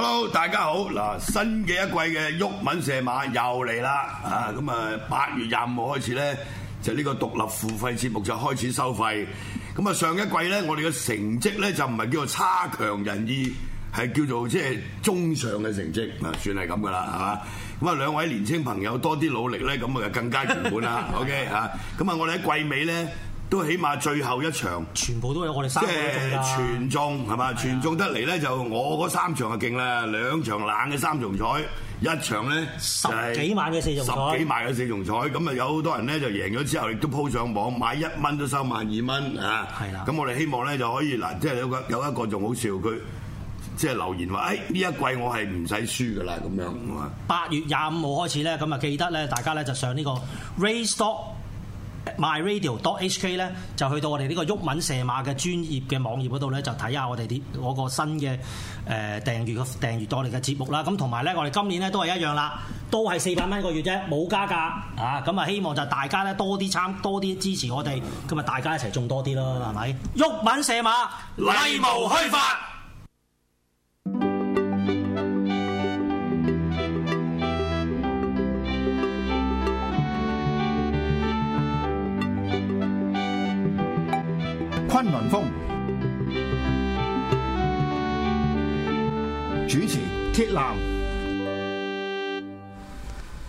Hello，大家好！嗱，新嘅一季嘅《旭文射馬》又嚟啦！啊，咁啊，八月廿五號開始咧，就呢個獨立付費節目就開始收費。咁啊，上一季咧，我哋嘅成績咧就唔係叫做差強人意，係叫做即係中上嘅成績啊，算係咁噶啦，係嘛？咁啊，兩位年青朋友多啲努力咧，咁啊就更加圓滿啦。OK 啊，咁啊，我哋喺季尾咧。都起碼最後一場，全部都有我哋三場全中，係嘛？是的 全中得嚟咧就我嗰三場就勁啦，兩場冷嘅三重彩，一場咧十幾萬嘅四重彩，十幾萬嘅四重彩。咁啊有好多人咧就贏咗之後亦都鋪上網買一蚊都收萬二蚊啊！係啦，咁我哋希望咧就可以嗱，即係有一有一個仲好笑，佢即係留言話：誒呢一季我係唔使輸㗎啦咁樣啊！八月廿五號開始咧，咁啊記得咧大家咧就上呢個 Race Stop Myradio.hk 咧就去到我哋呢個鬱文射馬嘅專業嘅網頁嗰度咧，就睇下我哋啲嗰個新嘅誒、呃、訂閲嘅訂閲我哋嘅節目啦。咁同埋咧，我哋今年咧都係一樣啦，都係四百蚊一個月啫，冇加價啊。咁啊，希望就大家咧多啲參多啲支持我哋，咁啊，大家一齊種多啲咯，係咪？鬱文射馬，禮無虛發。鐵男，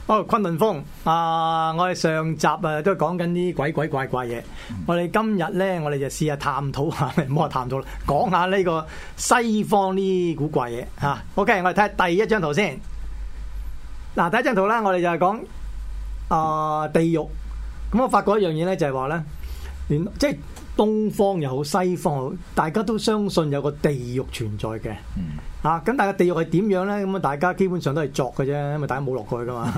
哦，崑崙風，啊，我哋上集啊都講緊啲鬼鬼怪怪嘢，我哋今日咧，我哋就試下探討下，唔好話探討啦，講下呢個西方呢古怪嘢吓。OK，我哋睇下第一張圖先。嗱，第一張圖咧，我哋就係講啊地獄。咁我發覺一樣嘢咧，就係話咧，連即係東方又好，西方又好，大家都相信有個地獄存在嘅。啊，咁但係地獄係點樣咧？咁啊，大家基本上都係作嘅啫，因為大家冇落去噶嘛，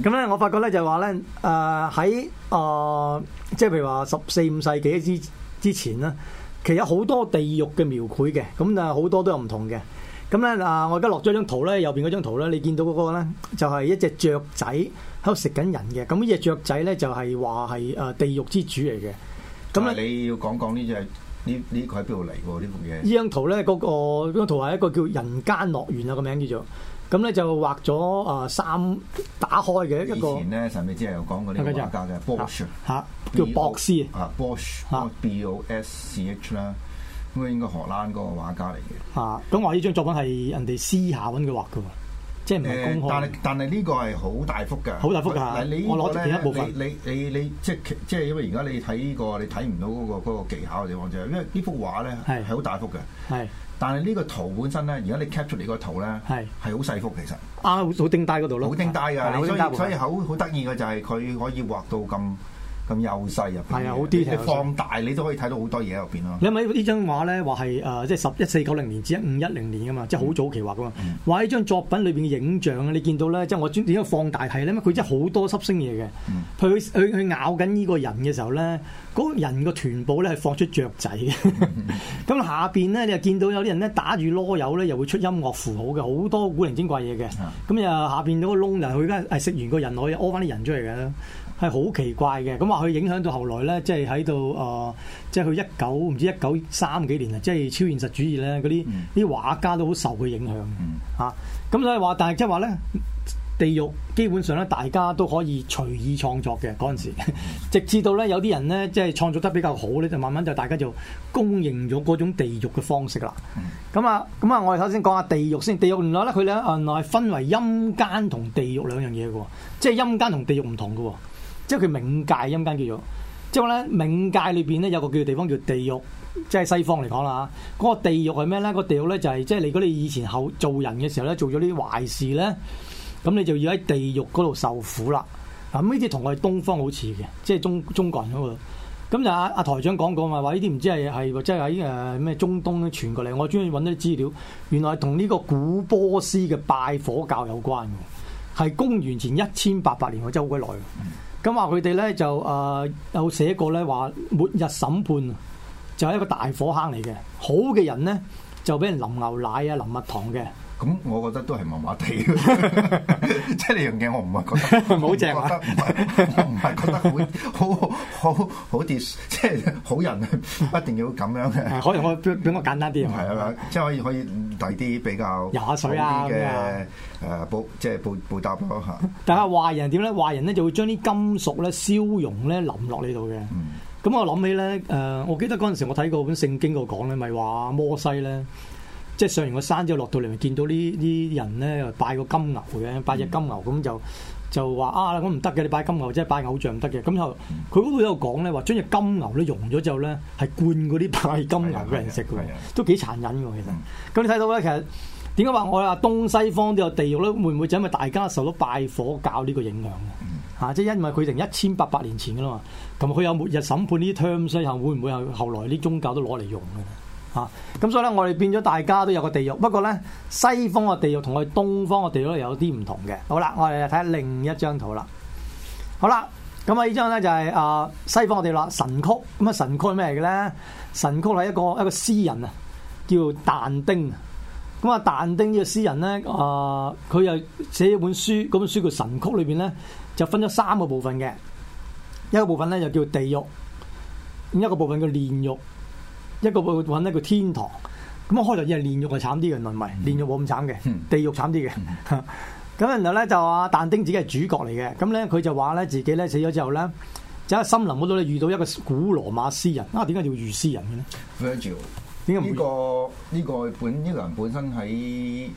咁咧，我發覺咧就話咧，誒喺誒，即係譬如話十四五世紀之之前咧，其實好多地獄嘅描繪嘅，咁啊好多都有唔同嘅。咁咧嗱，我而家落咗張圖咧，右邊嗰張圖咧，你見到嗰個咧就係、是、一隻雀仔喺度食緊人嘅。咁呢隻雀仔咧就係話係誒地獄之主嚟嘅。咁啊，你，你要講講呢隻？呢呢個喺邊度嚟嘅？呢幅嘢？呢張圖咧，嗰個呢圖係一個叫《人間樂園》啊個名叫做，咁咧就畫咗三打開嘅一個。以前咧，神秘之友講過呢個畫家嘅，吓叫博斯啊，Bosch 啦，咁應該荷蘭嗰個畫家嚟嘅。啊，咁我話呢張作品係人哋私下搵佢畫嘅。即係、呃、但係但係呢個係好大幅噶，好大幅噶。我攞一部分。你你你，即係即係因為而家你睇呢、呢個，你睇唔到嗰、嗰個嗰個技巧嘅地方就係，因為呢幅畫咧係好大幅嘅。係。但係呢個圖本身咧，而家你 capture 嚟個圖咧係好細幅其實。啊，好好掟低個度咯。好掟低㗎，所以所以好好得意嘅就係、係、佢可以畫到咁。咁幼細啊！係啊，好啲嘅。你放大你都可以睇到好多嘢入面咯。你咪呢張畫咧話係即係十一四九零年至一五一零年啊嘛，嗯、即係好早期畫噶嘛。話呢、嗯、張作品裏面嘅影像啊，你見到咧，即係我專點樣放大係呢？因為佢真係好多濕星嘢嘅。佢佢佢咬緊呢個人嘅時候咧，嗰人個臀部咧係放出雀仔嘅。咁下邊咧你又見到有啲人咧打住籮柚咧，又會出音樂符號嘅，好多古靈精怪嘢嘅。咁又、嗯、下邊嗰個窿就佢而家係食完個人可以屙翻啲人出嚟嘅。係好奇怪嘅咁話，佢影響到後來咧，即係喺度即係佢一九唔知一九三幾年啊，即係超現實主義咧，嗰啲啲畫家都好受佢影響咁、嗯啊、所以話，但係即係話咧，地獄基本上咧，大家都可以隨意創作嘅嗰陣時，直至到咧有啲人咧，即係創作得比較好咧，就慢慢就大家就供應咗嗰種地獄嘅方式啦。咁啊、嗯，咁啊，我哋首先講下地獄先。地獄原來咧，佢咧原來係分為陰間同地獄兩樣嘢喎，即係陰間同地獄唔同喎。即係佢冥界陰間叫做，即係話咧冥界裏邊咧有個叫地方叫地獄，即係西方嚟講啦嚇。嗰、嗰個地獄係咩咧？嗰個地獄咧就係、係、即係如果你以前後做人嘅時候咧做咗啲壞事咧，咁你就要喺地獄嗰度受苦啦。咁呢啲同我哋東方好似嘅，即係中中國人咁啊。咁就阿阿台長講講嘛話呢啲唔知係係即係喺誒咩中東咧傳過嚟。我專門揾啲資料，原來係同呢個古波斯嘅拜火教有關嘅，係公元前一千八百年，即係好鬼耐。嗯咁話佢哋呢，就誒、呃、有寫過呢，話末日審判就係一個大火坑嚟嘅，好嘅人呢，就俾人淋牛奶呀、淋蜜糖嘅。咁我覺得都係麻麻地，即係呢樣嘢我唔係覺得唔 好正啊！我唔係覺得好好好好啲，即係、就係、好人一定要咁樣嘅。可以我比我簡單啲。即係可以可以提啲比較好水嘅誒補，即係補補搭咗。但係壞人點咧？壞人咧就會將啲金屬咧燒融咧淋落、嗯、呢度嘅。咁我諗起咧誒，我記得嗰陣時我睇過本聖經度講咧，咪話摩西咧。即係上完個山之後落到嚟，咪見到呢啲人咧拜個金牛嘅，拜隻金牛咁，就就話啊，咁唔得嘅，你拜金牛即係拜偶像唔得嘅。咁後佢嗰度有講咧，話將隻金牛咧融咗之後咧，係灌嗰啲拜金牛嘅人食嘅，都幾殘忍嘅。其實咁、嗯、你睇到咧，其實點解話我哋話東西方都有地獄咧？會唔會就因為大家受到拜火教呢個影響嘅？吓，即係因為佢成一千八百年前噶啦嘛，同埋佢有，有末日審判呢啲 terms，又會唔會係後來啲宗教都攞嚟用嘅？啊，咁所以咧，我哋變咗大家都有個地獄。不過咧，西方嘅地獄同我哋東方嘅地獄有啲唔同嘅。好啦，我哋睇下另一張圖啦。好啦，咁啊呢張咧就係、是、啊、呃、西方我哋話神曲。咁啊神曲係咩嚟嘅咧？神曲係一個一個詩人啊，叫但丁。咁啊但丁個詩人呢個詩人咧啊，佢、呃、又寫一本書，本書叫《神曲》裏邊咧，就分咗三個部分嘅。一個部分咧就叫地獄，咁一個部分叫煉獄。一個會揾一個天堂，咁一開頭以人煉獄係慘啲嘅，唔係煉獄冇咁慘嘅，地獄慘啲嘅。咁、嗯、 然後咧就阿但丁自己係主角嚟嘅，咁咧佢就話咧自己咧死咗之後咧，在森林嗰度咧遇到一個古羅馬詩人。啊，點解叫儒詩人嘅咧？Virgil，呢 Vir gil，呢個呢、呢個本呢、呢個人本身喺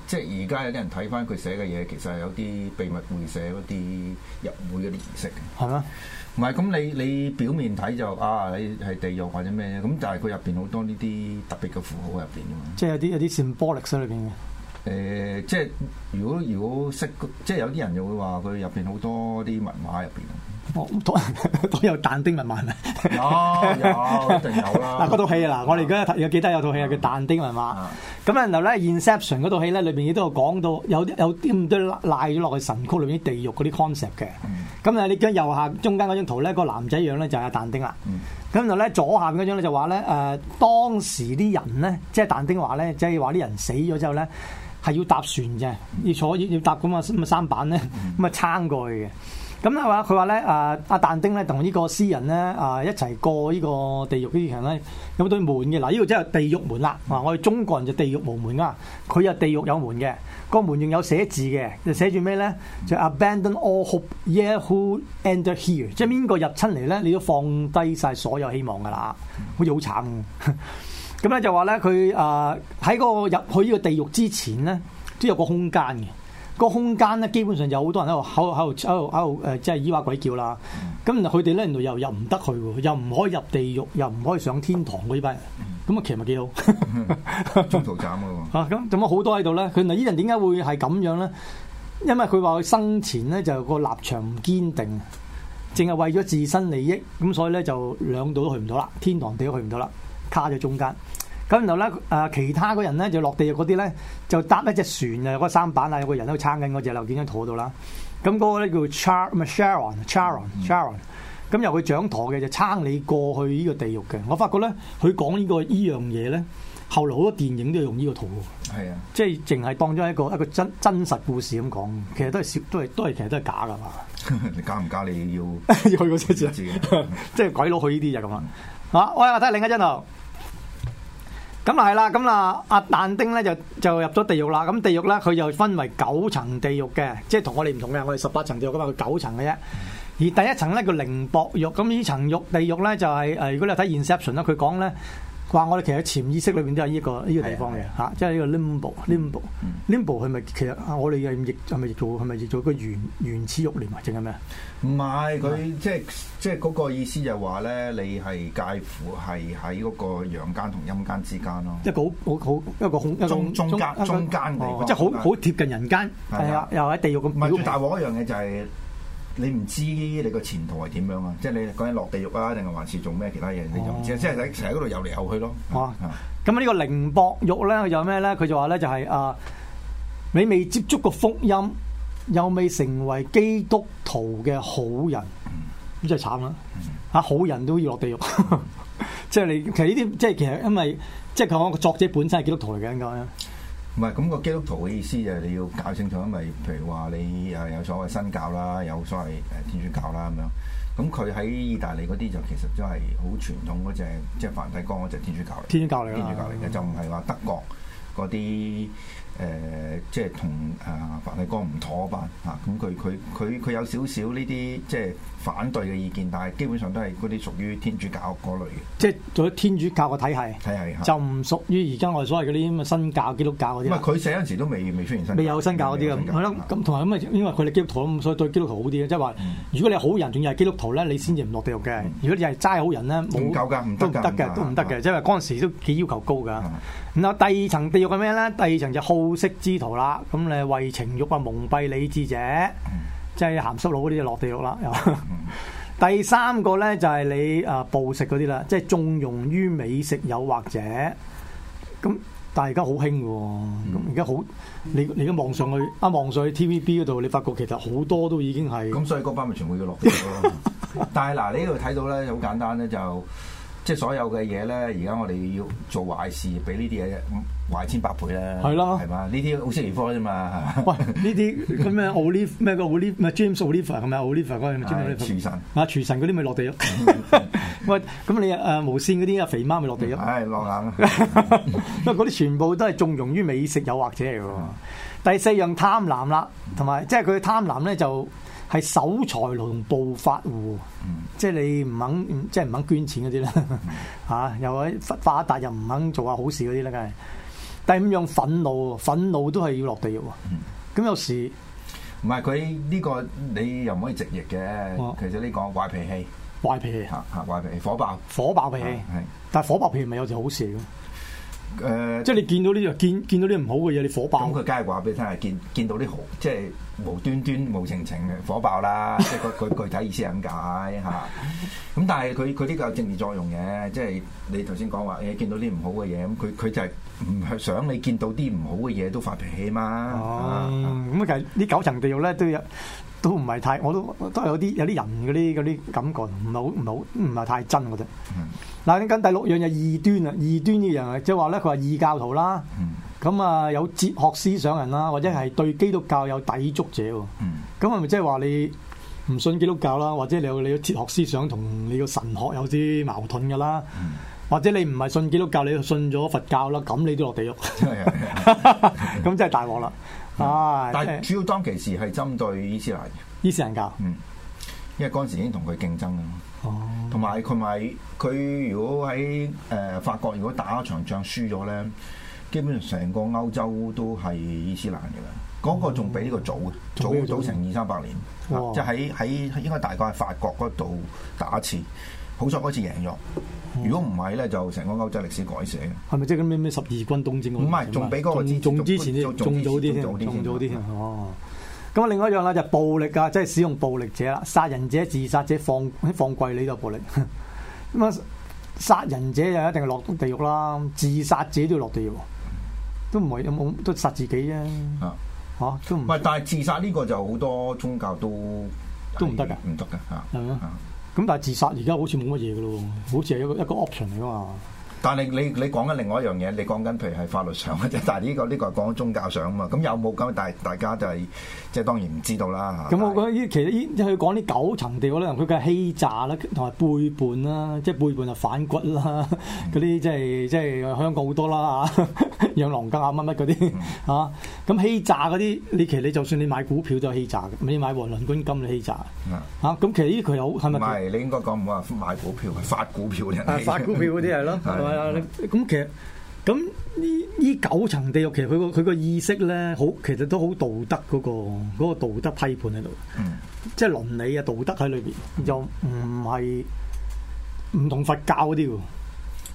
即係而家有啲人睇翻佢寫嘅嘢，其實係有啲秘密會社嗰啲入會嗰啲儀式嘅。係咩？唔係，咁你你表面睇就啊，你係地獄或者咩嘢，咁就係佢入邊好多呢啲特別嘅符號入邊嘅。即係有啲有啲 symbolics 喺裏邊嘅。誒，即係如果如果識，即係有啲人就會話佢入邊好多啲密碼入邊。我都 都有但丁密碼啊！有，一定有啦。嗱，嗰套戲啊，嗱，我哋而家有記得有套戲啊，叫《但丁密碼》。咁啊，然後咧，《Inception》嗰套戲咧，裏邊亦都有講到有有啲咁多賴咗落去神曲裏邊啲地獄嗰啲 concept 嘅。咁啊，你見右下中間嗰張圖咧，個男仔樣咧就係但丁啦。咁然後咧左下邊嗰張咧就話咧，誒、呃，當時啲人咧，即係但丁話咧，即係話啲人死咗之後咧，係要搭船嘅，要坐要搭咁啊，咁啊三板咧，咁啊撐過去嘅。咁啦佢話咧，啊阿但丁咧同呢個詩人咧啊一齊過呢個地獄之牆咧，有對門嘅。嗱、啊，呢、呢個真係地獄門啦。嗱，我哋中國人就地獄無門噶，佢又地獄有門嘅。個門仲有寫字嘅，就寫住咩咧？就 Abandon all hope, ye who enter here，即係邊個入親嚟咧？你都放低晒所有希望噶啦，好似好慘。咁咧就話咧，佢啊喺、嗰入去呢個地獄之前咧，都有個空間嘅。個空間咧，基本上有好多人喺度喺度喺度喺度誒，即係咿哇鬼叫啦。咁，佢哋咧，又又唔得去，又唔可以入地獄，又唔可以上天堂嘅呢班人。咁啊，其實唔幾好，中途站喎。吓，咁，咁啊好多喺度咧。佢嗱呢人點解會係咁樣咧？因為佢話佢生前咧就個立場唔堅定，淨係為咗自身利益，咁所以咧就兩度都去唔到啦，天堂地都去唔到啦，卡咗中間。咁然後咧、呃，其他嗰人咧就落地獄嗰啲咧，就搭一隻船啊，嗰個三板啊，有個人喺度撐緊嗰隻劉件章喺度啦。咁嗰、嗰個咧叫 Char c Sharon，Charon，Charon、嗯。咁由佢掌舵嘅就撐你過去呢個地獄嘅。我發覺咧，佢講、呢個呢個、呢個呢樣嘢咧，後來好多電影都用呢個圖喎。是啊，即係淨係當咗一個一個真真實故事咁講，其實都係都係都係其實都係假噶嘛。 你加唔加你要 要去個真字， 即係鬼佬去呢啲就咁啊！啊，喂，我睇另一張圖。咁啊係啦，咁啊阿但丁咧就就入咗地獄啦。咁地獄咧，佢就分為九層地獄嘅，即係同我哋唔同嘅。我哋十八層地獄咁啊，佢九層嘅啫。嗯、而第一層咧叫靈薄獄，咁呢層獄地獄咧就係、誒、如果你睇《Inception》佢講咧。話我哋其實潛意識裏邊都有呢、呢個依、呢個、地方嘅嚇，係啊、即係呢個 Limbo，Limbo，Limbo 佢咪其實我哋係亦係咪做係咪做個原原始慾念啊？定係咩啊？唔係佢即係即係嗰個意思就係話咧，你係介乎係喺嗰個陽間同陰間之間咯，即係好好一個空中中間中間、哦、即係好好貼近人間，係啊，又喺地獄咁。咪最大鑊一樣嘢就係。你唔知你個前途係點樣，就是，啊？即係你講緊落地獄啊，定係還是做咩其他嘢？你就唔知，哦、即係成日喺嗰度遊嚟遊去咯。咁、哦嗯、呢個靈薄獄咧，佢就咩咧？佢就話咧就係、是，啊，你未接觸過福音，又未成為基督徒嘅好人，咁就係慘啦！吓、嗯啊、好人都要落地獄、嗯， 即係你其實呢啲即係其實因為即係佢講個作者本身係基督徒嚟嘅咁樣。應該唔係咁個基督徒嘅意思就係你要搞清楚，因為譬如話你誒有所謂新教啦，有所謂誒天主教啦咁樣。咁佢喺意大利嗰啲就其實都係好傳統嗰隻，即係梵蒂岡嗰隻天主教嚟。天主教嚟天主教嚟嘅、啊、就唔係話德國嗰啲。誒，即係同啊法利哥唔妥吧？嚇，咁佢佢佢佢有少少呢啲即係反對嘅意見，但係基本上都係嗰啲屬於天主教嗰類嘅，即係做咗天主教嘅體系。體系就唔屬於而家我哋所謂嗰啲咁嘅新教、基督教嗰啲。佢寫嗰陣時都未未出現，未有新教嗰啲㗎。咁同埋因為佢哋基督徒咁，所以對基督徒好啲。即係話，如果你好人，仲要係基督徒咧，你先至唔落地獄嘅。如果你係齋好人咧，冇夠㗎，唔得㗎，都唔得嘅。即係嗰陣時都幾要求高㗎。然後第二層地獄係咩咧？第二層就好色之徒啦，咁你為情欲啊蒙蔽理智者，嗯、即係鹹濕佬嗰啲就落地獄啦。嗯、第三個咧就係、是、你啊暴食嗰啲啦，即係縱容於美食誘惑者。咁但係而家好興嘅，咁而家好你而家望上去，一望上去 TVB 嗰度，你發覺其實好多都已經係咁，咁所以嗰班咪全部要落地獄咯。 但係嗱，你看呢度睇到咧，好簡單咧，就即係所有嘅嘢咧，而家我哋要做壞事俾呢啲嘢嘅。給這些東西嗯快千百倍啦！係咯的，係嘛？呢啲好食嘅啫嘛。喂，呢啲咁嘅 o 咩？個 Ol Ol James Oliver 係咪？Oliver 嗰廚神啊，廚神嗰啲咪落地獄。喂、 哎，咁你啊，無線嗰啲啊，肥媽咪落地獄。係、哎、落硬不 因為嗰啲全部都係縱容於美食誘惑者嚟噶。嗯、第四樣貪婪啦，同埋即係佢貪婪咧，就係守財奴同暴發戶。嗯、即係你唔肯，即係唔肯捐錢嗰啲咧，嚇、啊、又喺發發達又唔肯做下好事嗰啲咧，梗係。第五樣憤怒，憤怒都係要落地獄。咁、嗯、有時唔係佢呢個，你又唔可以直譯嘅。啊、其實呢、這個壞脾氣，壞脾氣吓吓，壞脾氣火爆，火爆脾氣係。啊、但係火爆脾氣唔係有時好事嘅。誒、呃，即係你見到呢樣見見到啲唔好嘅嘢，你火爆。咁佢梗係話俾你聽係見見到啲好，即係。無端端、無情情火爆啦， 即係佢佢具體意思係咁解嚇。咁但係佢佢呢個有政治作用嘅，即係你頭先講話，你見到啲唔好嘅嘢，咁佢佢就係唔係想你見到啲唔好嘅嘢都發脾氣嘛？咁、嗯嗯、其實呢九層地獄咧都有，都唔係太，我都都有啲有啲人嗰啲啲感覺唔好唔好唔係太真嘅啫。嗱，你跟、嗯、第六樣就異端啊，異端呢樣啊，即係話咧佢話異教徒啦。嗯咁啊，有哲學思想人啦，或者係對基督教有抵觸者。嗯。咁係咪即係話你唔信基督教啦，或者你有你個哲學思想同你個神學有啲矛盾噶啦？嗯、或者你唔係信基督教，你又信咗佛教啦？咁你都落地獄。咁真係大鑊啦！ 了嗯、啊，但係主要當其時係針對伊斯蘭。伊斯蘭教。嗯。因為嗰陣時已經同佢競爭啦。哦。同埋佢咪佢如果喺誒法國如果打咗場仗輸咗咧？基本上成個歐洲都係伊斯蘭嘅啦，嗰個仲比呢個早嘅，早早成二三百年，即係喺喺應該大概喺法國嗰度打一次，好彩開始贏咗。如果唔係咧，就成個歐洲歷史改寫嘅。係咪即係咩咩十字軍東征？唔係，仲比嗰個之前啲，仲早啲添，仲早啲添。哦。咁啊，另外一樣咧就暴力啊，即係使用暴力者啦，殺人者、自殺者、放放貴利都係暴力。咁啊，殺人者就一定落地獄啦，自殺者都要落地獄。都唔係有冇都殺自己啫吓、啊啊、都唔咪，但係自殺呢個就好多宗教都都唔得噶，唔得噶吓，咁但係自殺而家好似冇乜嘢噶咯，好似係一個一個 option 嚟噶嘛。但係你你講緊另外一樣嘢，你講緊譬如係法律上，但係呢個呢個講宗教上啊嘛，咁有冇咁？大大家就係即係當然唔知道啦。咁我覺得其實依去係講啲九層地嗰啲人，佢嘅欺詐啦，同埋背叛啦，即係背叛啊反骨啦，嗰啲即係即係香港好多啦嚇，嗯、 養狼家啊乜乜嗰啲啊。咁欺詐嗰啲，你其實你就算你買股票都係欺詐，你買黃倫君金你欺詐。咁、嗯啊、其實呢佢好係咪？唔係，你應該講唔話買股票係發股票嚟。啊、發股票啲係咯。 的 咁、嗯、其實咁呢，呢九層地獄其實佢個佢個意識咧，好其實都好道德嗰、嗰個、嗰個道德批判喺度，嗯、即係倫理啊道德喺裏邊，又唔係唔同佛教嗰啲嘅，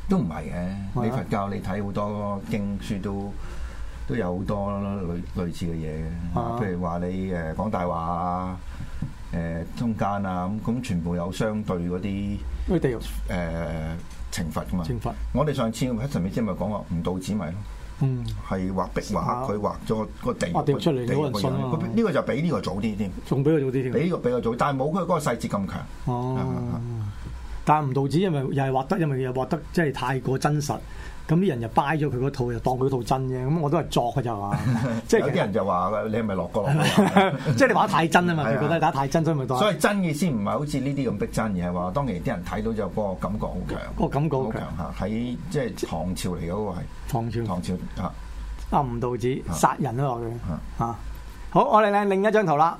都唔係嘅。你佛教你睇好多經書都都有好多類類似嘅嘢、啊、譬如話你誒講大話啊，誒中間啊咁咁，全部有相對嗰啲，誒地獄。呃懲罰㗎嘛，懲罰，我哋上次喺神美知咪講話吳道子咪咯，嗯，係畫壁畫，佢畫咗個地獄，畫出嚟好人呢、啊、個就比呢個早啲添，仲比佢早啲添，比呢個比佢早，但係冇佢嗰個細節咁強。哦，啊、但係吳道子因為又係畫得，因為又畫得即係太過真實。咁啲人就掰咗佢嗰套，又當佢套真啫。咁我都係作嘅啫嘛。即係有啲人就話：你係咪落過落？即係你畫得太真啊嘛！佢覺得畫得太真，所以咪當。所以真嘅意思唔係好似呢啲咁逼真嘅，係話當其時啲人睇到就個感覺好強。個感覺好強嚇，喺即係唐朝嚟嗰個係。唐朝。唐朝。啊。啊，吳道子殺人啊。落去。啊。好，我哋咧另一張圖啦。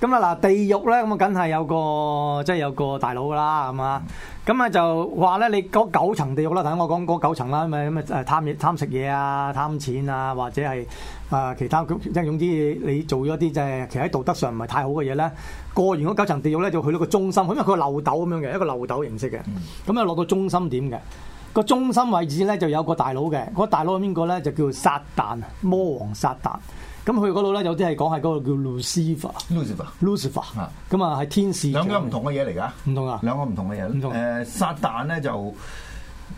咁啊，嗱，地獄咧，咁啊，梗係有個即係有個大佬噶啦，係嘛？咁啊就話咧，你嗰九層地獄啦，頭先我講嗰九層啦，咁啊咁貪嘢貪食嘢啊，貪錢啊，或者係、呃、其他咁種啲，你做咗啲即係其實喺道德上唔係太好嘅嘢咧。過完嗰九層地獄咧，就去到個中心，因為佢個漏斗咁樣嘅，一個漏斗形式嘅。咁啊落到中心點嘅個中心位置咧，就有個大佬嘅。個大佬係邊個咧？就叫做撒旦，魔王撒旦。咁佢嗰度咧，有啲係講係嗰個叫 Lucifer，Lucifer，Lucifer，咁啊係天使。兩個唔同嘅嘢嚟噶，唔同啊。兩個唔同嘅嘢，唔同。誒、呃，撒旦咧就誒、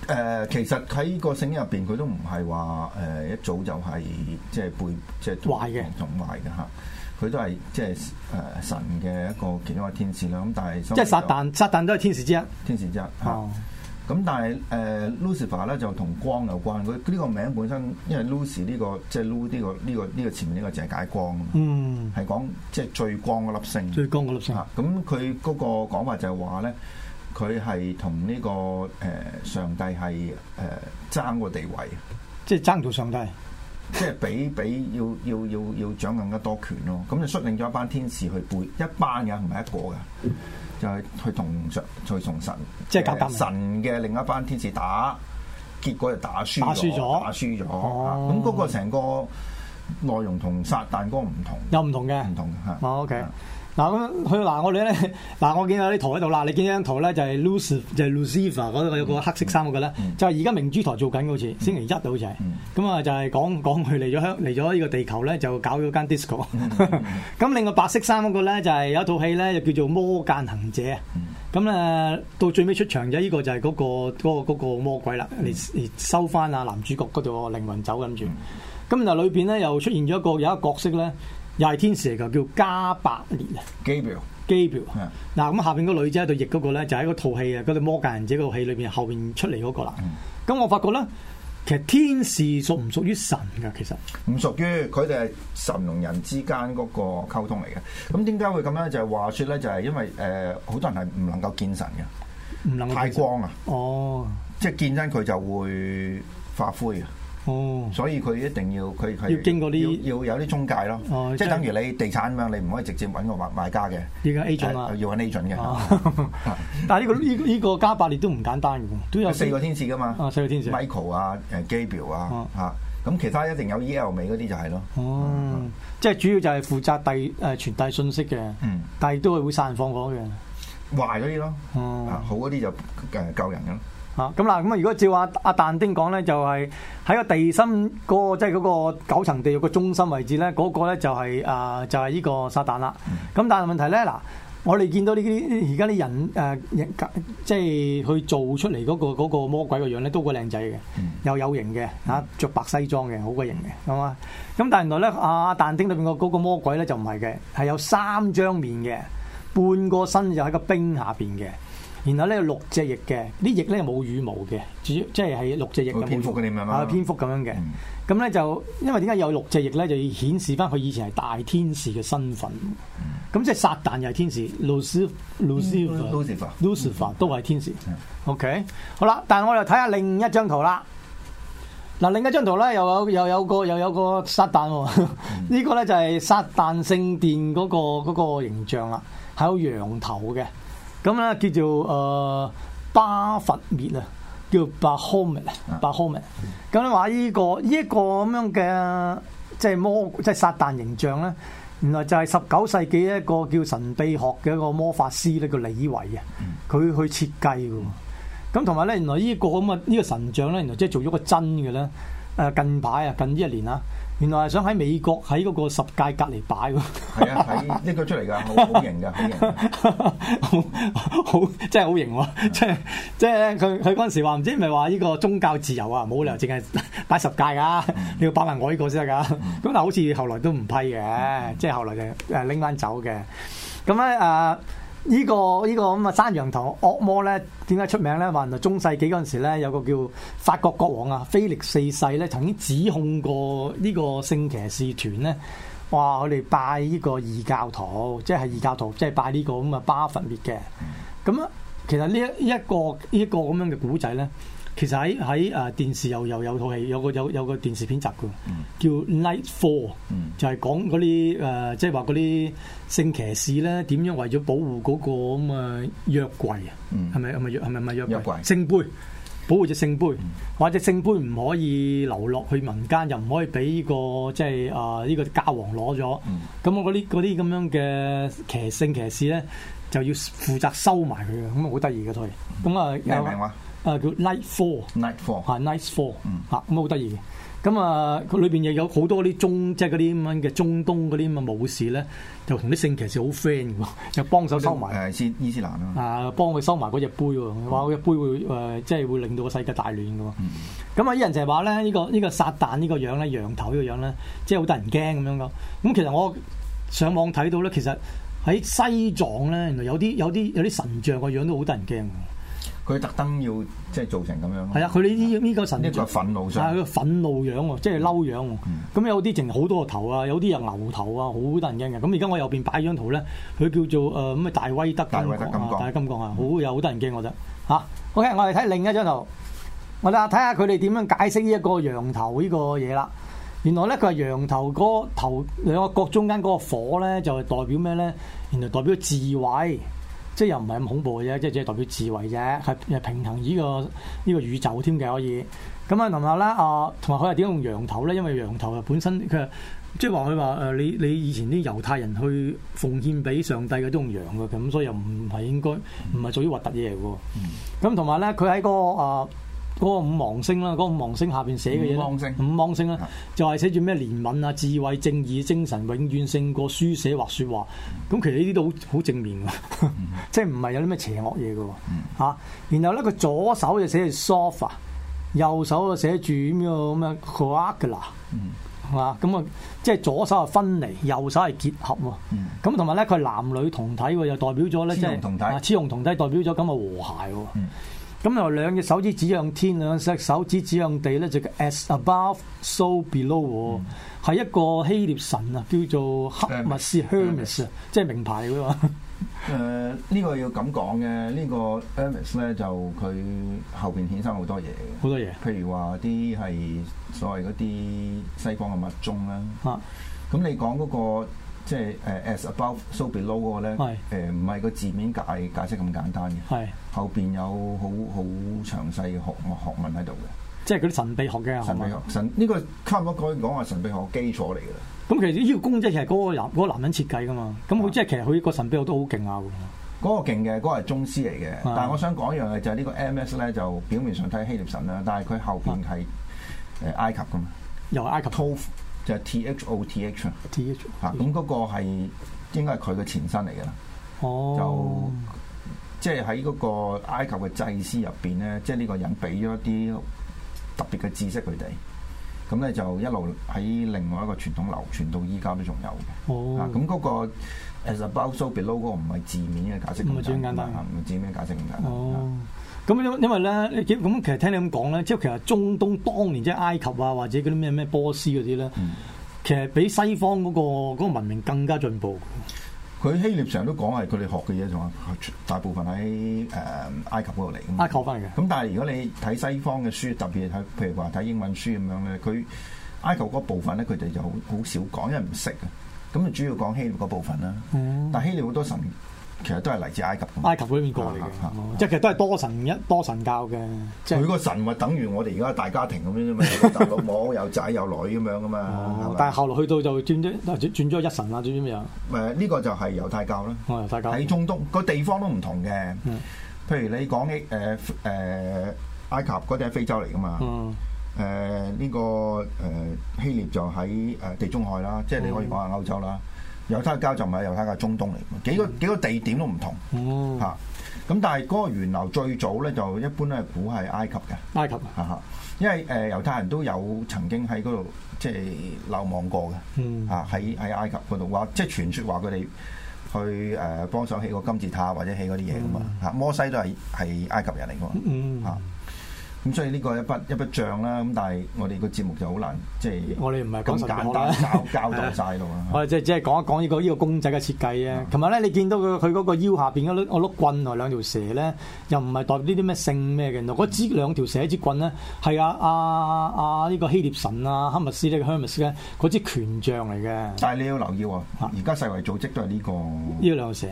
呃，其實喺個聖經入邊佢都唔係話誒一早就係即係背即係壞嘅，同壞嘅吓。佢都係即係誒神嘅一個其中一個天使啦。咁但係即係撒旦，撒旦都係天使之一，天使之一。啊啊.咁但係誒 Lucifer 咧就同光有關，佢呢個名本身，因為 Lucy 呢、這個即係、就是、Luc 呢、這個呢個呢個前面呢個就係解光，嗯，係講即係、就是、最光個粒星，最光個粒星。咁佢嗰個講法就係話咧，佢係同呢個誒上帝係誒爭個地位，即係爭到上帝。即係俾俾要要要要掌更加多權咯，咁就率領咗一班天使去背一班嘅，唔係一個嘅，就係、是、去同著去同神，即係神嘅另一班天使打，結果就打輸，打輸咗，打輸咗。咁嗰、oh. 個成個內容同撒旦嗰個唔同，有唔同嘅，唔同嘅嚇。O、oh, K okay.。嗱，咁佢，嗱我哋咧，嗱我見到啲圖喺度啦，你見到張圖咧就係 Lucifer 就 Lucifer 嗰個有個黑色衫嗰個咧，嗯嗯、就係而家明珠台做緊嗰好似，星期一到好似，咁啊、嗯嗯、就係講佢嚟咗香嚟咗呢個地球咧就搞咗間 disco，咁、嗯嗯、 另外白色衫嗰個咧就係、是、有一套戲咧又叫做魔間行者，咁咧、嗯嗯、到最尾出場咗呢、這個就係嗰、那個那個那個魔鬼啦，嚟、嗯、收翻啊男主角嗰個靈魂走咁住，咁就裏面咧又出現咗一個有一個角色咧。又係天使嚟噶，叫加百列啊，Gabriel，Gabriel。嗱咁下邊個女仔喺度譯嗰個咧，就喺嗰套戲啊，嗰套《魔戒》，嗯，人者套戲裏邊後邊出嚟嗰個啦。咁我發覺咧，其實天使屬唔屬於神噶啊？其實唔屬於，佢哋係神同人之間嗰個溝通嚟嘅。咁點解會咁樣？就係話說咧，就係因為誒，好多人係唔能夠見神嘅，唔能夠見神，太光啊。哦，即係見真佢就會化灰啊。哦，所以佢一定要佢佢要經過啲要有啲中介咯，即係等於你地產咁樣，你唔可以直接揾個買家嘅，依家 agent 啊，要 agent 嘅。但係呢個呢呢個加百列都唔簡單嘅，都有四個天使㗎嘛。啊，四個天使。Michael 啊，誒 Gabriel 啊，嚇，咁其他一定有 EL 尾嗰啲就係咯。哦，即係主要就係負責第誒傳遞信息嘅，但係都係會散人放火嘅，壞嗰啲咯，好嗰啲就誒救人㗎。啊，咁嗱，咁啊，如果照阿、啊、阿但丁講咧，就係喺個地心嗰個即係嗰個九層地獄嘅中心位置咧，嗰、那個嗰個咧就係、係、啊，就係、係、呢個撒旦啦。咁、嗯、但係問題咧，嗱，我哋見到呢啲而家啲人誒，即係去做出嚟嗰、嗰個那個魔鬼嘅樣咧，都好靚仔嘅，又有型嘅，嚇、啊，著白西裝嘅，好個型嘅，係、啊、嘛？咁但原來咧，阿但丁裏邊個嗰個魔鬼咧就唔係嘅，係有三張面嘅，半個身就喺個冰下邊嘅。然後咧有六隻翼嘅，啲翼咧冇羽毛嘅，主即係係六隻翼嘅，啊蝙蝠咁樣嘅。咁咧就因為點解有六隻翼咧，就要顯示翻佢以前係大天使嘅身份。咁即係撒旦又係天使，路斯路斯路斯法都係天使。OK，好啦，但係我哋睇下另一張圖啦。嗱，另一張圖咧又有又有個又有個撒旦喎。呢個咧就係撒旦聖殿嗰個嗰個形象啦，係有羊頭嘅。咁咧叫做誒、呃、巴佛滅做巴啊，叫巴赫滅啊，咁你話呢個呢一個咁樣嘅即係魔即係、即係、撒旦形象咧，原來就係十九世紀一個叫神秘學嘅一個魔法師咧叫李維啊，佢去設計嘅。咁同埋咧，原來依、呢個咁嘅、呢個、神像咧，原來即係做咗個真嘅呢。誒近排啊，近呢一年啦。原來係想喺美國喺嗰個十戒隔離擺喎，係啊，拎佢出嚟㗎，好型㗎，好型！好真係好型喎，即係即係佢佢嗰陣時話唔知係咪話呢個宗教自由啊，冇理由淨係擺十戒㗎， 你要擺埋我呢個先得㗎，咁 但好似後來都唔批嘅， 即係後來就誒拎翻走嘅，咁咧誒。啊呢、這個呢、這個咁啊山羊頭惡魔咧點解出名咧？話到中世紀嗰陣時咧，有個叫法國國王啊菲力四世咧，曾經指控過呢個聖騎士團咧，哇！佢哋拜呢個異教徒，即係異教徒，即係拜呢、這個咁啊巴伐滅嘅。咁啊，其實呢一一個、這個、這呢一個咁樣嘅古仔咧。其實喺喺誒電視又又有套戲，有個有有個電視片集嘅，叫《Knightfall》呃，就係講嗰啲誒，即係話嗰啲聖騎士咧，點樣為咗保護嗰個咁啊約櫃啊，係咪係咪約係咪咪約櫃，約櫃聖杯，保護隻聖杯，嗯、或者聖杯唔可以流落去民間，又唔可以俾依、這個即係、就是、啊依、這個教皇攞咗。咁我嗰啲啲咁樣嘅騎聖騎士咧，就要負責收埋佢嘅，咁啊好得意嘅套戲。咁啊，誒、啊、叫 fall, Knightfall，嚇 Knightfall，嚇咁好得意嘅。咁、嗯、啊佢裏邊又有好、啊、多啲中，即係嗰啲咁樣嘅中東嗰啲咁嘅武士咧，就同啲聖騎士好 friend 嘅，就、啊、幫手收埋。伊斯蘭啊。啊，幫佢收埋嗰隻杯喎，話嗰隻杯會誒、呃，即係會令到個世界大亂嘅。咁、嗯、啊，啲人就係話咧，呢、呢個呢、呢個撒旦呢個樣咧，羊頭呢個樣咧，即係好得人驚咁樣嘅。咁其實我上網睇到咧，其實喺西藏咧，原來有啲有啲有啲神像個樣都好得人驚。佢特登要即係做成咁樣。係啊，佢呢呢個神。即係憤怒相。係啊，憤怒樣喎，即係嬲樣。嗯。咁有啲淨好多個頭啊，有啲又牛頭啊，好得人驚嘅。咁而家我右邊擺張圖咧，佢叫做誒咁啊大威德嘅。大威德金剛。好有好得人驚我覺得。嗯、o、okay, k 我哋睇另一張圖，我哋睇下佢哋點樣解釋呢一個羊頭呢個嘢啦。原來咧，佢係羊頭嗰頭兩個角中間嗰個火咧，就係代表咩咧？原來代表智慧。即係又唔係咁恐怖嘅啫，即係只係代表智慧啫，係誒平衡呢個依個宇宙添嘅可以。咁啊同埋咧，啊同埋佢係點用羊頭咧？因為羊頭啊本身，佢即係話佢話誒你你以前啲猶太人去奉獻俾上帝嘅都用羊嘅，咁所以又唔係應該唔係屬於核突嘢嚟嘅喎。咁同埋咧，佢喺嗰個啊。呃嗰個五芒星、那個、五，王五芒星啦，嗰個五芒星下邊寫嘅嘢五芒星啦，就係、是、寫住咩憐憫啊、智慧、正義、精神，永遠勝過書寫或説話。咁、嗯、其實呢啲都好好正面嘅、嗯，即係唔係有啲咩邪惡嘢嘅。嚇、嗯啊，然後咧佢左手就寫住 soft，右手就寫住咁樣咁樣 hard 嘅啦。係嘛、嗯？咁啊，嗯、即係左手係分離，右手係結合喎。咁同埋咧，佢係、嗯、男女同體喎，又代表咗咧即係雌雄同體。雌雄同體代表咗咁啊和諧喎。嗯咁由兩隻手指指向天，兩隻手指指向地咧，就叫 As above, so below，係、嗯、一個希臘神啊，叫做赫密斯、嗯、Hermes，即係名牌嚟嘛、嗯。誒，呢個要咁講嘅，呢個 erm、呢個 Hermes 咧就佢後邊衍生好多嘢好多嘢、啊，譬如話啲係所謂嗰啲西方嘅物宗啦。啊，咁你講嗰、嗰個？即係誒 as above so below 嗰個咧，誒唔係個字面解解釋咁簡單嘅，是後邊有好好詳細嘅學學問喺度嘅，即係嗰啲神秘學嘅神秘學神呢、呢個差唔多講話神秘學嘅基礎嚟嘅啦。咁其實呢個公仔其實嗰個男嗰個男人設計㗎嘛，咁佢即係其實佢個神秘學都好勁啊！嗰個勁嘅嗰個係宗師嚟嘅，是但係我想講一樣嘢就係呢個 MS 咧，就表面上睇希臘神啦，但係佢後邊係誒埃及㗎嘛、啊，又係埃及。就係 Thoth 啊，咁嗰個係應該係佢嘅前身嚟㗎啦。哦、oh，就即係喺嗰個埃及嘅祭師入邊咧，即係呢個人俾咗一啲特別嘅知識佢哋，咁咧就一路喺另外一個傳統流傳到依家都仲有嘅。哦，咁嗰個 As above, so below 嗰個唔係字面嘅解釋咁簡單，唔係字面解釋咁簡單。Oh 咁因因為咧，咁其實聽你咁講咧，即係其實中東當年即係埃及啊，或者嗰啲咩咩波斯嗰啲咧，嗯、其實比西方嗰、嗰個嗰個文明更加進步。佢希臘常都講係佢哋學嘅嘢，仲大部分喺誒埃及嗰度嚟。埃及學翻嘅。咁但係如果你睇西方嘅書，特別係譬如話睇英文書咁樣咧，佢埃及嗰部分咧，佢哋就好好少講，因為唔識啊。咁就主要講希臘嗰部分啦。嗯。但希臘好多神。嗯。其實都係嚟自埃及，埃及嗰邊過嚟嘅，即係其實都係多神一多神教嘅。佢個神咪等於我哋而家大家庭咁樣啫嘛，有老有仔有女咁樣噶嘛。但係後嚟去到就轉咗，轉咗一神啦，轉咗咩啊？咪呢個就係猶太教啦。啊，猶太教喺中東，個地方都唔同嘅。譬如你講啲誒埃及嗰啲係非洲嚟噶嘛？嗯，呢個誒希臘就喺誒地中海啦，即係你可以講下歐洲啦。猶太教就唔係猶太教，中東嚟嘅，幾個、嗯、幾個地點都唔同，嚇、嗯。咁、啊、但係嗰個源流最早咧，就一般都係，估係埃及嘅。埃及啊嚇，因為誒、呃、猶太人都有曾經喺嗰度即係流亡過嘅，嚇，喺喺埃及嗰度話，即係傳説話佢哋去誒、呃、幫手起個金字塔或者起嗰啲嘢咁嘛，嚇、嗯啊、摩西都係係埃及人嚟嘅嘛，嚇、嗯。嗯啊咁所以呢個一筆一筆帳啦，咁但係我哋個節目就好難，即係我哋唔係咁簡單交交代曬咯。 我哋即係只係講一講呢、呢個呢、呢個公仔嘅設計啊，同埋咧你見到佢佢嗰個腰下邊嗰碌棍啊兩條蛇咧，又唔係代表呢啲咩性咩嘅？嗰支兩條蛇一支棍咧，係啊，阿阿呢個希臘神啊，哈密斯呢 Hermes 咧，嗰支權杖嚟嘅。但係你要留意喎、啊，而家、啊、世衛組織都係呢、呢個。呢個兩蛇。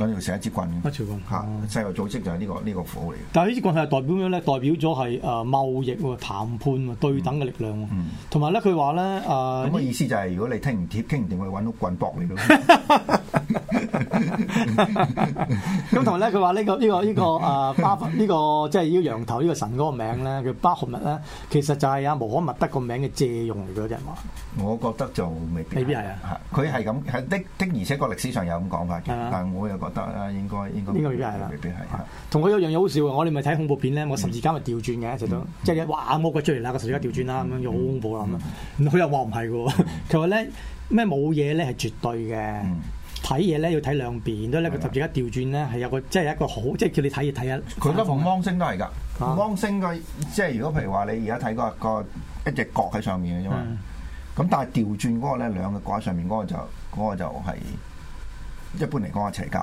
我哋用成一支棍，一支棍，嚇世界組織就係呢、呢個呢、呢個火嚟。但係呢支棍係代表咩咧？代表咗係誒貿易喎、談判喎、對等嘅力量同埋咧，佢話咧誒。咁嘅意思就係、是，如果你聽唔貼、傾唔掂，佢揾到棍搏你咯。 咁同埋咧，佢話呢個呢個呢個啊巴呢個即係呢個羊頭呢個神嗰個名咧，叫巴荷物咧，其實就係阿無可物得個名嘅借用嚟嗰人嘛。我覺得就未必，未必係啊。佢係咁係的的，而且個歷史上有咁講法嘅，但我又覺得咧，應該應該應該未必係啦，未必係。同佢有樣嘢好笑嘅，我哋咪睇恐怖片咧，我十字架咪調轉嘅，直都即係哇，冇鬼出嚟啦，個十字架調轉啦，咁樣好恐怖啦咁樣。佢又話唔係嘅，佢話咧咩冇嘢咧係絕對嘅。睇嘢咧要睇兩邊，都咧佢突然間調轉咧，係有個即係、就是、一個好，即、就、係、是、叫你睇嘢睇一看。佢都唔芒星都係㗎，芒星佢即係如果譬如話你而家睇嗰個一隻角喺上面嘅啫嘛，咁的但係調轉嗰個咧，兩隻角喺上面嗰個就嗰、那個就係、是。一般嚟講，阿邪教，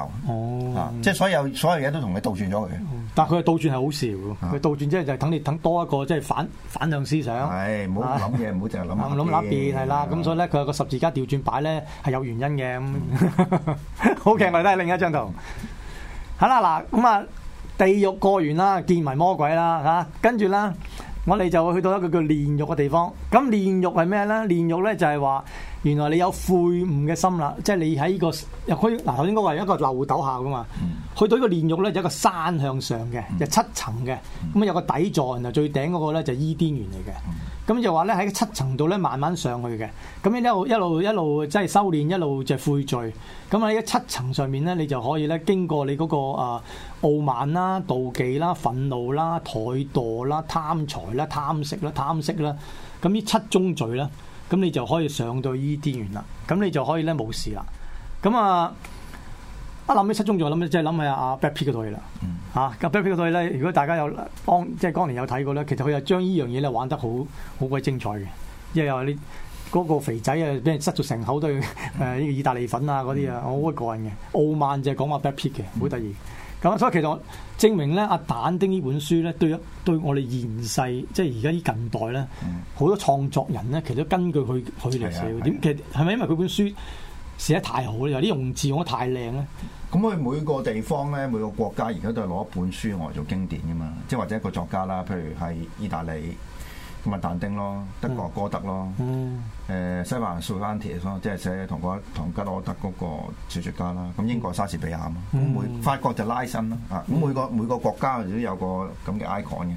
啊，即係所有所有嘢都同佢倒轉咗嘅。但係佢嘅倒轉係好笑嘅，佢倒轉即係就等你等多一個即係反反向思想。係唔好諗嘢，唔好淨係諗諗諗諗變係啦。咁所以咧，佢有個十字架調轉擺咧係有原因嘅。好嘅，我哋睇另一張圖。好啦，嗱咁啊，地獄過完啦，見埋魔鬼啦，吓，跟住咧，我哋就會去到一個叫煉獄嘅地方。咁煉獄係咩咧？煉獄咧就係話。原來你有悔悟嘅心啦，即係你喺呢個又可以嗱，頭先嗰個話一個漏斗下噶嘛。去到呢個煉獄咧，就一個山向上嘅，就七層嘅。咁啊有個底座，然後最頂嗰個咧就伊甸園嚟嘅。咁就話咧喺七層度咧慢慢上去嘅。咁一路一路一路即係修煉，一路就悔罪。咁啊喺七層上面咧，你就可以咧經過你嗰個啊傲慢啦、妒忌啦、憤怒啦、怠惰啦、貪財啦、貪食啦、貪色啦。咁呢七宗罪啦。咁你就可以上到伊甸園啦，咁你就可以咧冇事啦。咁啊，一諗起七宗罪就諗咧即係諗起阿 Brad Pitt 嗰套嘢啦。嗯、啊 Brad Pitt 嗰套嘢咧，如果大家有當即係當年有睇過咧，其實佢又將依樣嘢咧玩得好好鬼精彩嘅。因為有啲嗰個肥仔啊，俾人塞咗成口都係呢個意大利粉啊嗰啲啊，好鬼過癮嘅，傲慢就係講話 Brad Pitt 嘅，好得意。嗯。所以其實證明咧，阿但丁呢本書咧，對對我哋現世，即係而家呢近代咧，好多創作人咧，其實根據佢佢嚟寫。點其實係咪因為佢本書寫得太好咧？有啲用字用得太靚咧。咁佢每個地方咧，每個國家而家都係攞一本書嚟做經典㗎嘛。即係或者一個作家啦，譬如係意大利。咁啊但丁咯，德國歌德咯，嗯呃、西班牙蘇珊·特咯，即係寫《堂吉吉羅德》嗰個小說家啦。咁英國莎士比亞啊，咁、嗯、每法國就拉辛、嗯、啊，咁每個每個國家都有個咁嘅 icon 嘅。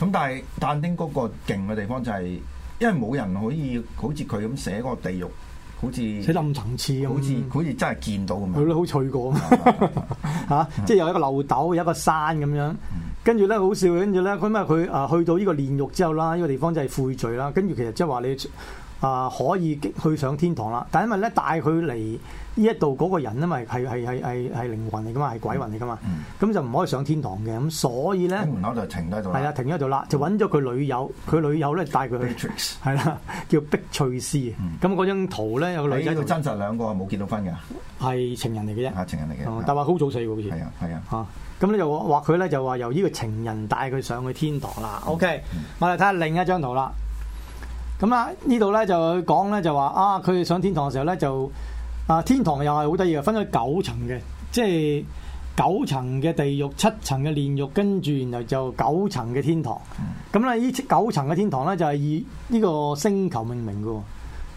咁但係但丁嗰個勁嘅地方就係、是，因為冇人可以好似佢咁寫嗰個地獄，好似寫咁層次，好似好似真係見到咁啊！佢都好脆過啊！嚇，即係有一個漏斗，有一個山咁樣。嗯跟住咧好笑，跟住咧佢咪佢啊去到呢個煉獄之後啦，呢、這個地方就係悔罪啦。跟住其實即係話你。啊，可以去上天堂啦！但因為咧帶佢嚟呢一度嗰個人，因為係係係係係靈魂嚟噶嘛，係鬼魂嚟噶嘛，咁就唔可以上天堂嘅。咁所以咧，喺門口停喺度，係啊，停咗度啦，就揾咗佢女友，佢女友咧帶佢去，係啦，叫碧翠絲。咁嗰張圖咧有個女仔，真實兩個冇結到婚嘅，係情人嚟嘅啫，情人嚟嘅，但話好早死好似係啊係啊嚇。咁你就話佢咧就話由呢個情人帶佢上去天堂啦。OK，我哋睇下另一張圖啦。咁啦，嗯、呢度咧就講咧就話啊，佢上天堂嘅時候咧就啊，天堂又係好得意，分咗九層嘅，即係九層嘅地獄、七層嘅煉獄，跟住然後就九層嘅天堂。咁啦、嗯、呢、嗯嗯、九層嘅天堂咧就係、是、以呢個星球命名喎，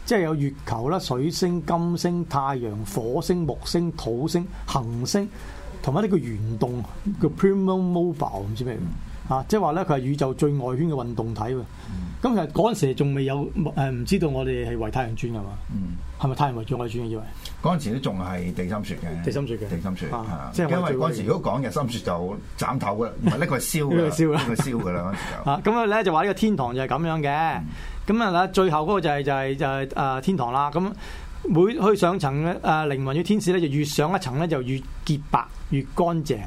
即係有月球啦、水星、金星、太陽、火星、木星、土星、行星，同埋呢個圓洞，叫 Primal Mobile 唔知咩。啊，即係話咧，佢係宇宙最外圈嘅運動體。咁其實嗰陣時仲未有誒，唔知道我哋係圍太陽轉係嘛？係咪太陽圍繞我哋轉？以為嗰陣時都仲係地心說嘅。地心說，嘅。地心說啊，因為嗰陣時如果講日心說就斬頭噶啦，唔係，呢個係燒噶。呢個係燒燒噶啦，咁啊，咧就話呢個天堂就係咁樣嘅。咁啊，最後嗰個就係就係就係啊天堂啦。咁每去上層咧啊，靈魂與天使咧，就越上一層咧就越潔白越乾淨，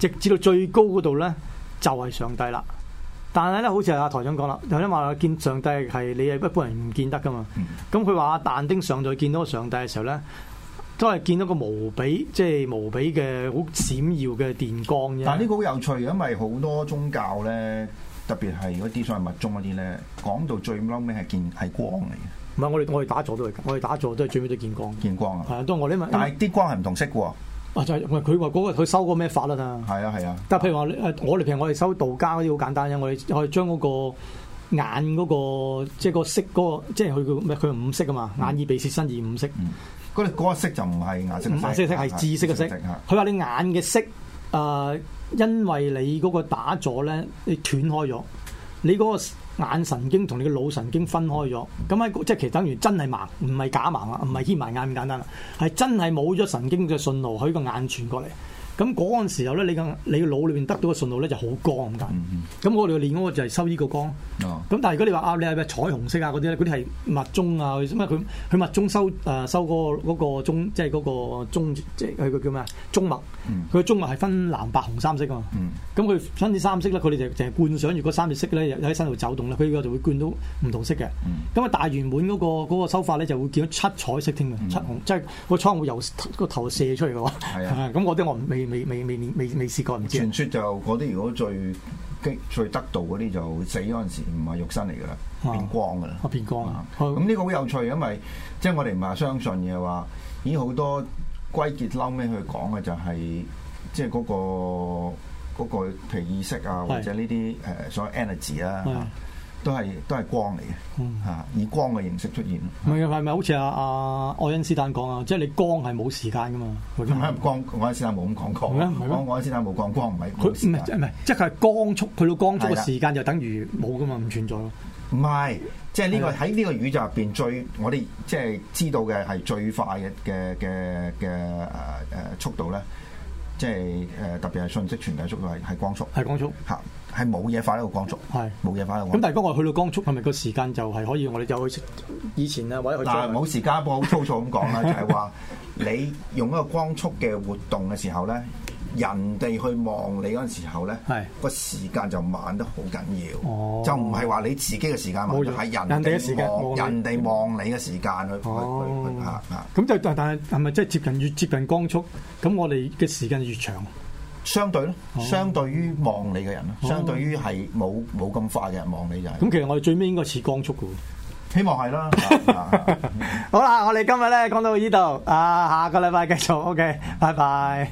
直至到最高嗰度咧。就係上帝啦，但係咧，好似阿台長講啦，頭先話見上帝係你係一般人唔見得噶嘛。咁佢話阿但丁上帝見到上帝嘅時候咧，都係見到個無比即係無比嘅好閃耀嘅電光啫。但係呢個好有趣，因為好多宗教咧，特別係嗰啲所謂密宗嗰啲咧，講到最撈尾係見係光嚟嘅。唔係，我哋我哋打坐都係，我哋打坐都係最尾都見光。見光啊！係都我哋，但係啲光係唔同色喎。啊，就係佢話嗰個佢收嗰咩法律啊？係啊係啊！係啊，但係譬如話誒，我哋譬如我哋收道家嗰啲好簡單嘅，我哋我哋將嗰個眼嗰、嗰個即係、即係、個色嗰、嗰個即係佢佢五色噶嘛？眼耳鼻舌身意五色。嗰啲、嗯那個、色就唔係顏色。顏色色係紫色嘅色。佢話你眼嘅色誒、呃，因為你嗰個打咗咧，你斷開咗，你嗰、嗰個眼神經同你個腦神經分開咗，咁喺即係其實等於真係盲，唔係假盲啊，唔係黐埋眼咁簡單啦，係真係冇咗神經嘅信號，佢個眼傳過嚟。咁嗰陣時候咧，你嘅你嘅腦裏邊得到嘅信號咧就好光㗎。咁我哋練嗰個就係收呢個光。咁、oh. 但係如果你話啊，你係咪彩虹色啊嗰啲呢？嗰啲係密宗啊，佢佢密宗收、呃、收嗰個嗰即係嗰個宗，即係佢叫咩啊？中脈。佢嘅、mm hmm. 中脈係分藍白紅三色㗎嘛。咁佢分啲三色咧，佢哋就就係灌上。如果三隻色咧，又喺身度走動啦。佢個就會灌到唔同色嘅。咁啊、mm hmm. 大圓滿嗰個修、嗰個、法咧，就會見到七彩色添，七紅，mm hmm. 即係個窗會由個頭射出嚟嘅喎。咁嗰啲我未。未未未未未，未試過唔知。傳說就嗰啲，如果最激最得道嗰啲就死嗰陣時唔係肉身嚟㗎啦，啊、變光㗎啦。哦，變光了。咁呢個好有趣，因為即係我哋唔係相信嘅話，已經好多歸結嬲尾去講嘅就係、是、即係、那、嗰個嗰、那個譬如意識啊，或者呢啲誒所謂 energy 啦、啊。都係都係光嚟嘅，嚇以光嘅形式出現咯。唔係，係咪好似阿阿愛因斯坦講啊？即係你光係冇時間噶嘛？唔係光，愛因斯坦冇咁講光。係咩？愛愛因斯坦冇講光，唔係佢唔係即係即係佢係光速，佢到光速嘅時間就等於冇噶嘛，唔存在咯。唔係，即係呢個喺呢個宇宙入邊最我哋即係知道嘅係最快嘅嘅嘅嘅誒誒速度咧，即係誒特別係信息傳遞速度係係光速，係光速嚇。係冇嘢快到光速，係冇嘢快到。咁但係我去到光速係咪個時間就係可以我哋就去以前啊或者去？但係冇時間噃，好粗糙咁講啦， 就係話你用一個光速嘅活動嘅時候咧，人哋去望你嗰陣時候咧，係是個時間就慢得好緊要。哦，就唔係話你自己嘅時間慢，係人哋嘅時間人哋望你嘅時間去。哦，嚇嚇，咁就但係係咪即係接近越接近光速，咁我哋嘅時間越長？相對咯，哦、相對於望你嘅人咯，哦、相對於係冇冇咁快嘅人望你就係、是。咁其實我哋最尾應該似光速嘅，希望係啦。好啦，我哋今日咧講到呢度，啊，下個禮拜繼續，OK，拜拜。